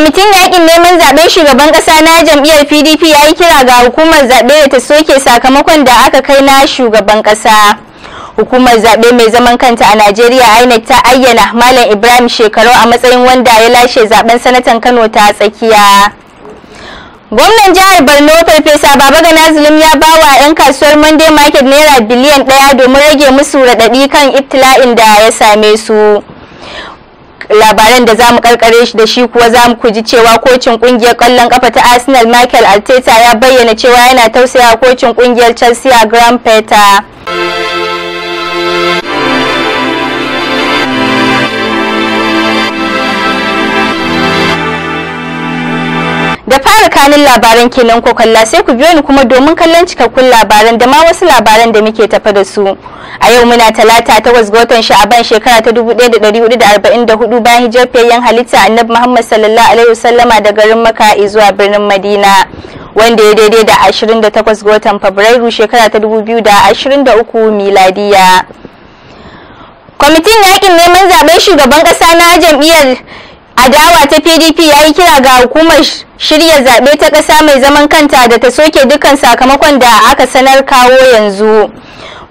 kwamitin yakin neman zaben shugaban kasa na jam'iyyar pdp ya yi kira ga hukumar zaɓe da ta soke sakamakon da aka kai na shugaban kasa hukumar zaɓe mai zaman kanta a najeriya inec ta ayyana malam ibrahim shekaru a matsayin wanda ya lashe zaben sanatan kano ta tsakiya gwamnan jihar borno farfesa baba gana zulum ya ba wa 'yan kasuwar monday market naira biliyan ɗaya domin rage musu raɗaɗi kan iftila'in da ya same su labaran da zamu karkare shi da shi kuwa zamu ku ji cewa kocin kungiyar kallon kafa ta Arsenal Michael Arteta ya bayyana cewa yana tausaya kocin kungiyar Chelsea Graham Potter Da fara kanin labaran kenan ko kalla sai ku biyo ni kuma domin kallon cikakkun labaran da ma wasu labaran da muke tafa da su. A yau muna talata ta ga watan sha'aban shekara ta 1444 bayan hijar yan halitta annabi Muhammad sallallahu alaihi wasallama da garin Makka zuwa birnin Madina. wanda ya daidai da 28 ga watan Fabrairu shekara ta 2023 miladiya. Kwamitin yakin neman zaben shugaban ƙasa na jam'iyyar adawa ta pdp ya yi kira ga hukumar shirya zaɓe ta ƙasa mai zaman kanta da ta soke dukkan sakamakon da aka sanar kawo yanzu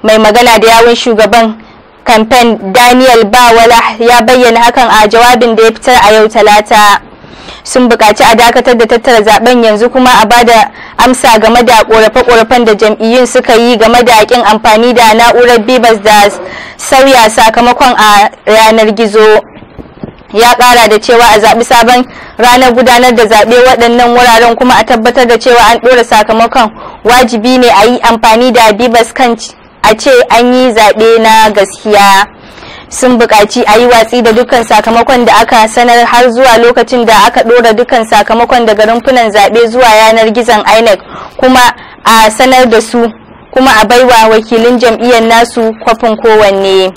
mai magana da yawun shugaban kamfen daniel bawala ya bayyana hakan a jawabin da ya fitar a yau talata sun buƙaci a dakatar da tattara zaben yanzu kuma a bada amsa game da ƙorafe-ƙorafen da jam'iyyun suka yi game da ƙin amfani da na'urar bibas da sauya sakamakon a yanar gizo ya kara da cewa a zaɓi sabon ranar gudanar da zaɓe waɗannan wuraren kuma a tabbatar da cewa an ɗora sakamakon wajibi ne a yi amfani da bibas kan a ce an yi zaɓe na gaskiya sun buƙaci a yi watsi da dukkan sakamakon da aka sanar har zuwa lokacin da aka ɗora dukkan sakamakon daga rumfunan zaɓe zuwa yanar gizon inec kuma a sanar da su kuma a baiwa wakilin jam'iyyar nasu kwafin kowanne.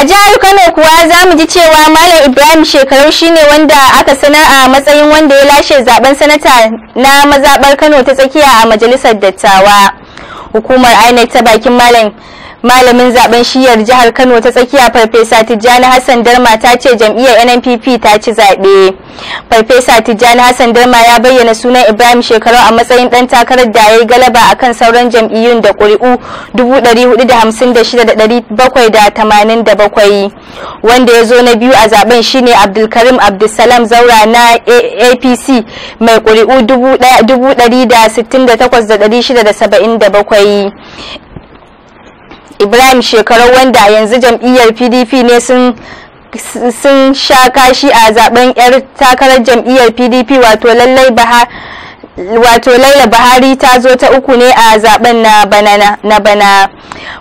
a jihar kano kuwa za mu ji cewa malam ibrahim shekaru shine wanda aka sanar a matsayin wanda ya lashe zaben sanata na mazabar kano ta tsakiya a majalisar dattawa hukumar inec ta bakin malam malamin zaben shiyar jihar kano ta tsakiya farfesa tijjani hassan darma ta ce jam'iyyar nnpp ta ci zaɓe farfesa tijjani hassan darma ya bayyana sunan ibrahim shekaru a matsayin ɗan takarar da ya yi galaba a kan sauran jam'iyyun da ƙuri'u 456,787 wanda ya zo na biyu a zaben shine abdulkarim abdulsalam zaura na apc mai ƙuri'u ibrahim shekarar wanda yanzu jam'iyyar pdp ne sun sun sha kashi a zaben yar takarar jam'iyyar pdp wato lallai bahari wato laila buhari ta zo ta uku ne a zaben na bana na bana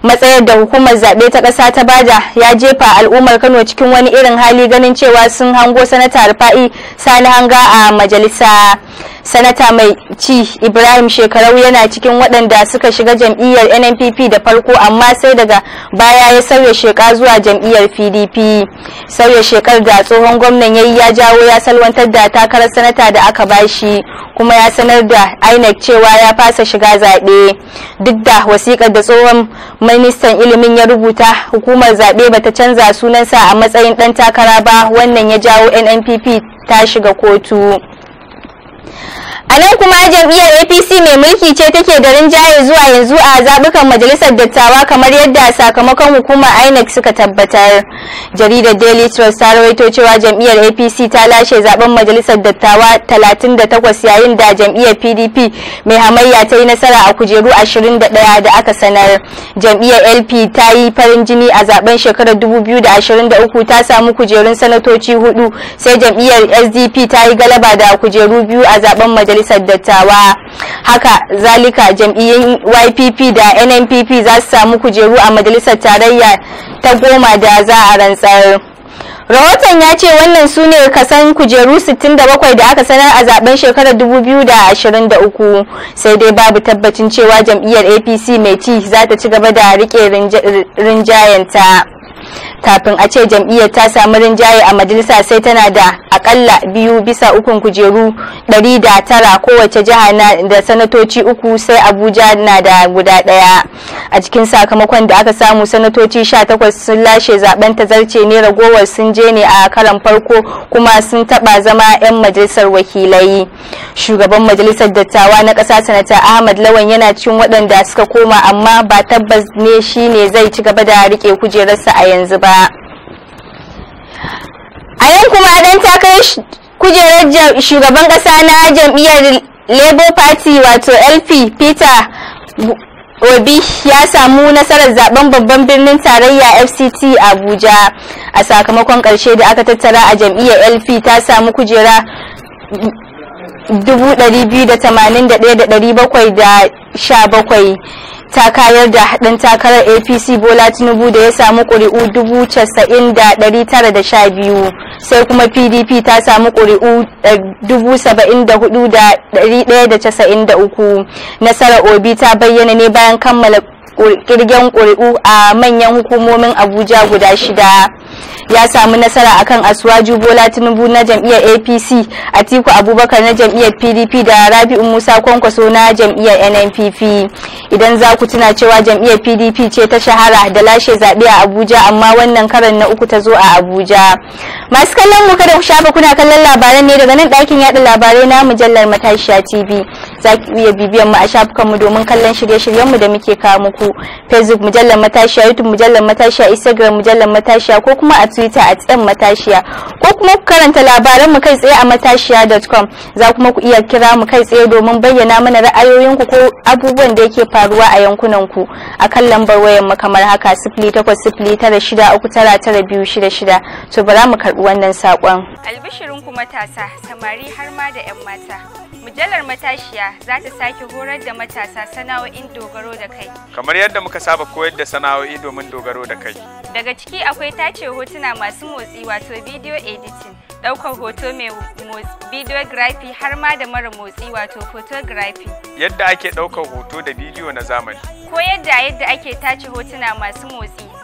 matsayar da hukumar zaɓe ta ƙasa ta bada ya jefa al'ummar kano cikin wani irin hali ganin cewa sun hango sanata rufa'i sani hanga a majalisa sanata mai ci ibrahim shekarau yana cikin waɗanda suka shiga jam'iyyar nnpp da farko amma sai daga baya ya sauya sheka zuwa jam'iyyar pdp sauya shekar da tsohon gwamnan ya yi ya jawo ya salwantar da takarar sanata da aka bashi kuma ya sanar da inec cewa ya fasa shiga zaɓe duk da wasiƙar da tsohon ministan ilimin ya rubuta hukumar zaɓe ta canza sunansa a matsayin ɗan takara ba wannan ya jawo nnpp ta shiga kotu A nan kuma jam'iyyar APC mai mulki ce take da rinjaye zuwa yanzu a zaɓukan majalisar dattawa kamar yadda sakamakon hukumar INEC suka tabbatar. Jaridar Daily Trust ta rawaito cewa jam'iyyar APC ta lashe zaben majalisar dattawa 38 yayin da jam'iyyar PDP mai hamayya ta yi nasara a kujeru 21 da aka sanar. Jam'iyyar LP ta yi farin jini a zaben shekarar 2023 ta samu kujerun sanatoci hudu sai jam'iyyar SDP ta yi galaba da kujeru biyu a zaben majalisar majalisar dattawa haka zalika jam'iyyun ypp da nnpp za su samu kujeru a majalisar tarayya ta goma da za a rantsar rahoton ya ce wannan su ne kasan kujeru 67 da aka sanar a zaben shekarar 2023 sai dai babu tabbacin cewa jam'iyyar apc mai ci za ta ci gaba da rike rinjayenta kafin a ce jam'iyyar ta samu rinjaye a majalisa sai tana da akalla biyu bisa ukun kujeru ɗari da tara kowace jiha na da sanatoci uku sai abuja na da guda ɗaya a cikin sakamakon da aka samu sanatoci sha takwas sun lashe zaben tazarce ne ragowar sun je ne a karan farko kuma sun taɓa zama 'yan majalisar wakilai shugaban majalisar dattawa na ƙasa sanata ahmad lawan yana cikin waɗanda suka koma amma ba tabbas ne shi ne zai ci gaba da riƙe kujerarsa a yanzu yanzu ba a yan kuma ta takarar kujerar shugaban kasa na jam'iyyar labour party wato lp peter obi ya samu nasarar zaben babban birnin tarayya fct abuja a sakamakon karshe da aka tattara a jam'iyyar lp ta samu kujera 281,717 ta kayar da haɗin takarar apc bola tinubu da ya samu ƙuri'u 90,912 sai kuma pdp ta samu ƙuri'u 74,193 eh, nasarar obi ta bayyana ne bayan kammala kirgen ƙuri'u a manyan hukumomin abuja guda shida ya samu nasara akan asuwaju bola tinubu na jam'iyyar apc atiku abubakar na jam'iyyar pdp da rabi'u musa kwankwaso na jam'iyyar nnpp idan za ku tuna cewa jam'iyyar pdp ce ta shahara da lashe zaɓe a abuja amma wannan karan na uku ta zo a abuja masu kallon mu kada ku shafa kuna kallon labaran ne daga nan ɗakin yaɗa labarai na mujallar matashiya tv za ki iya bibiyan mu a shafukanmu domin kallon shirye-shiryenmu da muke kawo muku facebook mujallar matashiya youtube mujallar matashiya instagram mujallar matashiya ko kuma a twitter at yan matashiya ko kuma ku karanta labaran mu kai tsaye a matashiya.com za kuma ku iya kira mu kai tsaye domin bayyana mana ra'ayoyinku ko abubuwan da yake faruwa a yankunan ku akan lambar wayar mu kamar haka shida to bara mu karbi wannan sakon albishirin ku matasa samari har ma da yan mata mujallar matashiya za ta sake horar da matasa sana'o'in dogaro da kai kamar yadda muka saba koyar da sana'o'i domin dogaro da kai. Daga ciki akwai tace hotuna masu motsi wato video editing, ɗaukar hoto mai videography har ma da mara motsi wato photography. Yadda ake ɗaukar hoto da bidiyo na zamani. Ko yadda yadda ake tace hotuna masu motsi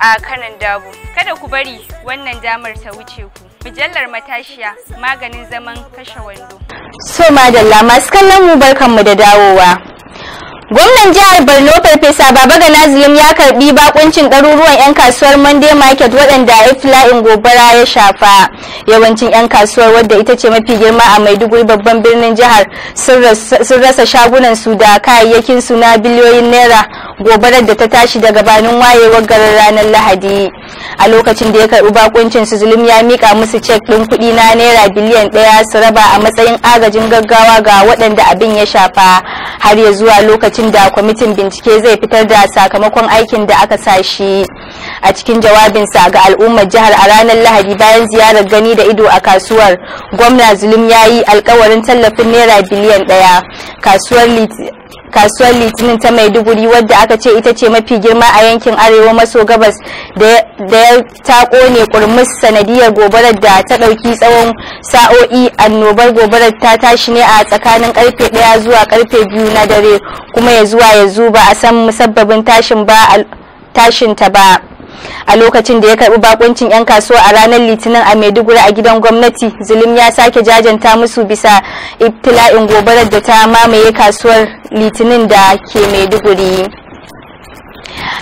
a kanan dabo. Kada ku bari wannan damar ta wuce ku. Mujallar matashiya maganin zaman kashe wando. So madalla masu kallon mu barkanmu da dawowa. Gwamnan jihar Borno Farfesa Baba Gana ya karbi bakuncin ɗaruruwan 'yan kasuwar Monday Market waɗanda ifla'in gobara ya shafa. Yawancin 'yan kasuwar wadda ita ce mafi girma a Maiduguri babban birnin jihar sun rasa shagunan su da kayayyakin su na biliyoyin naira gobarar da ta tashi daga banin wayewar garin ranar Lahadi. A lokacin da ya karbi bakuncin su Zulum ya mika musu cek ɗin kuɗi na naira biliyan ɗaya su raba a matsayin agajin gaggawa ga waɗanda abin ya shafa har ya zuwa lokacin lokacin da kwamitin bincike zai fitar da sakamakon aikin da aka sa shi a cikin jawabinsa ga al'ummar jihar a ranar lahadi bayan ziyarar gani da ido a kasuwar gwamna zulum ya yi alkawarin tallafin naira biliyan daya kasuwar kasuwar litinin ta maiduguri wadda aka ce ita ce mafi girma a yankin arewa maso gabas da ya ta kone kurmus sanadiyar gobarar da ta ɗauki tsawon sa'o'i annobar gobarar ta tashi ne a tsakanin karfe ɗaya zuwa karfe biyu na dare kuma ya zuwa ya ba a san musabbabin tashin ta ba a lokacin da ya karbi bakuncin 'yan kasuwa a ranar litinin a maiduguri a gidan gwamnati zulum ya sake jajanta musu bisa iftila'in gobarar da ta mamaye kasuwar litinin da ke maiduguri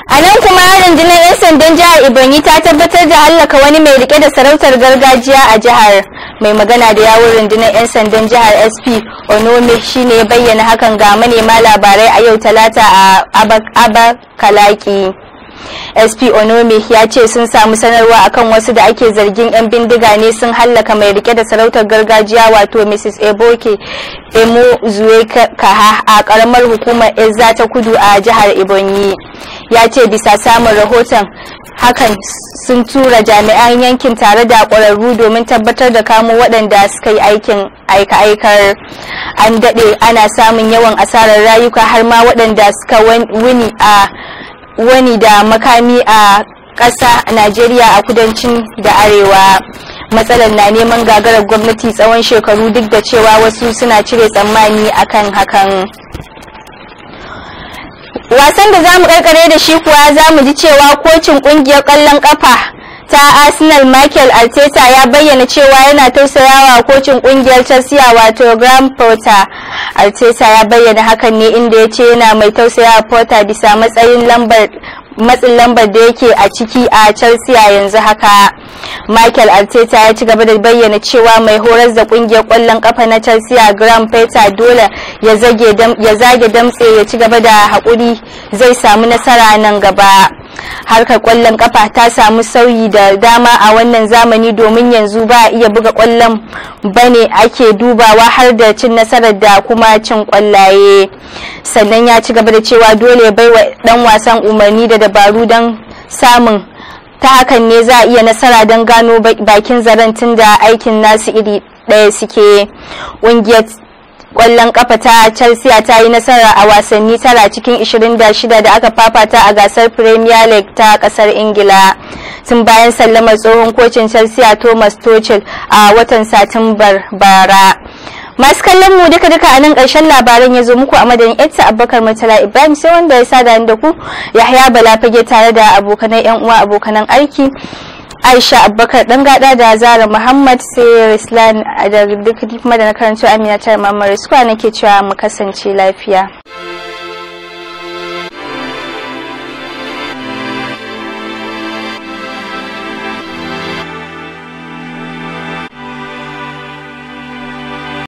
a nan kuma rundunar 'yan sandan jihar ibanyi ta tabbatar da hallaka wani mai rike da sarautar gargajiya a jihar mai magana da yawon rundunar 'yan sandan jihar sp onome shine bayyana hakan ga manema labarai a yau talata a abakalaki sp onome ya ce sun samu sanarwa akan wasu da ake zargin 'yan bindiga ne sun hallaka mai rike da sarautar gargajiya wato mrs eboke emo zuwe kaha a karamar hukumar ezza ta kudu a jihar ebonyi ya ce bisa samun rahoton hakan sun tura jami'an yankin tare da ƙwararru domin tabbatar da kamo waɗanda suka yi aikin aika-aikar an daɗe ana samun yawan asarar rayuka har ma waɗanda suka wuni a wani da makami a ƙasa Najeriya a kudancin da arewa matsalar na neman gagarar gwamnati tsawon shekaru duk da cewa wasu suna cire tsammani akan hakan wasan da za mu karkare da shi kuwa za mu ji cewa kocin ƙungiyar ƙwallon ƙafa ta arsenal michael arteta ya bayyana cewa yana tausayawa kocin kungiyar chelsea wato graham potter arteta ya bayyana hakan ne inda ya ce yana mai tausayawa potter bisa matsayin lambar matsin lambar da yake a ciki a chelsea yanzu haka michael arteta ya ci gaba da bayyana cewa mai horar da kungiyar kwallon kafa na chelsea graham potter dole ya zage damtse ya ci gaba da haƙuri zai samu nasara nan gaba harkar kwallon kafa ta samu sauyi da dama a wannan zamani domin yanzu ba a iya buga kwallon bane ake dubawa har da cin nasarar da kuma cin kwallaye sannan ya ci gaba da cewa dole bai wa dan wasan umarni da dabaru don samun ta hakan ne za a iya nasara don gano bakin zaren tun da aikin nasu iri ɗaya suke ƙungiyar kwallon kafa ta Chelsea ta yi nasara a wasanni tara cikin 26 da aka fafata a gasar Premier League ta kasar Ingila. Tun bayan sallamar tsohon kocin Chelsea Thomas Tuchel a watan Satumbar bara. masu kallon mu duka duka a nan ƙarshen labaran ya zo muku a madadin yadda abubakar matala ibrahim sai wanda ya sada da ku yahya bala fage tare da abokanan yan uwa abokanan aiki aisha abubakar dan gada da zara muhammad sai rislan da duk kuma da na karanto amina tare mamari suka nake cewa mu kasance lafiya